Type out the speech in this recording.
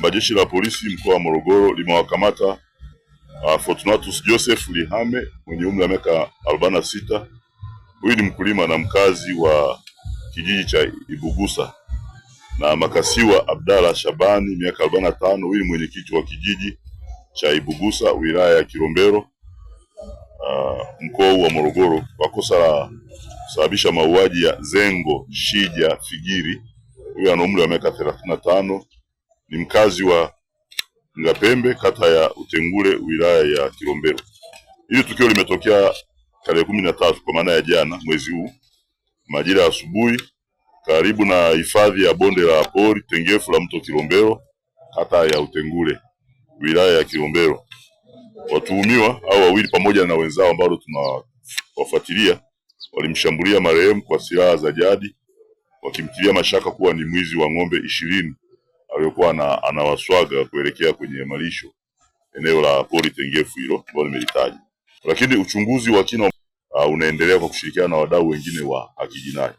kwamba jeshi la polisi mkoa wa Morogoro limewakamata uh, Fortunatus Joseph Lihame mwenye umri wa miaka sita Huyu ni mkulima na mkazi wa kijiji cha Ibugusa na Makasiwa Abdalla Shabani miaka 45. Huyu ni mwenyekiti wa kijiji cha Ibugusa wilaya ya Kilombero uh, mkoa wa Morogoro kwa kosa la kusababisha mauaji ya Zengo Shija Figiri. Huyu ana umri wa miaka tano ni mkazi wa Ngapembe kata ya Utengule wilaya ya Kilombero. Hili tukio limetokea tarehe kumi na tatu kwa maana ya jana mwezi huu majira ya asubuhi karibu na hifadhi ya bonde la pori tengefu la mto Kilombero kata ya Utengule wilaya ya Kilombero. Watuhumiwa au wawili pamoja na wenzao ambao tunawafuatilia walimshambulia marehemu kwa silaha za jadi wakimtilia mashaka kuwa ni mwizi wa ng'ombe ishirini aliyokuwa anawaswaga kuelekea kwenye malisho eneo la pori tengefu hilo ambalo nimelitaja. Lakini uchunguzi wa kina uh, unaendelea kwa kushirikiana na wadau wengine wa haki jinai.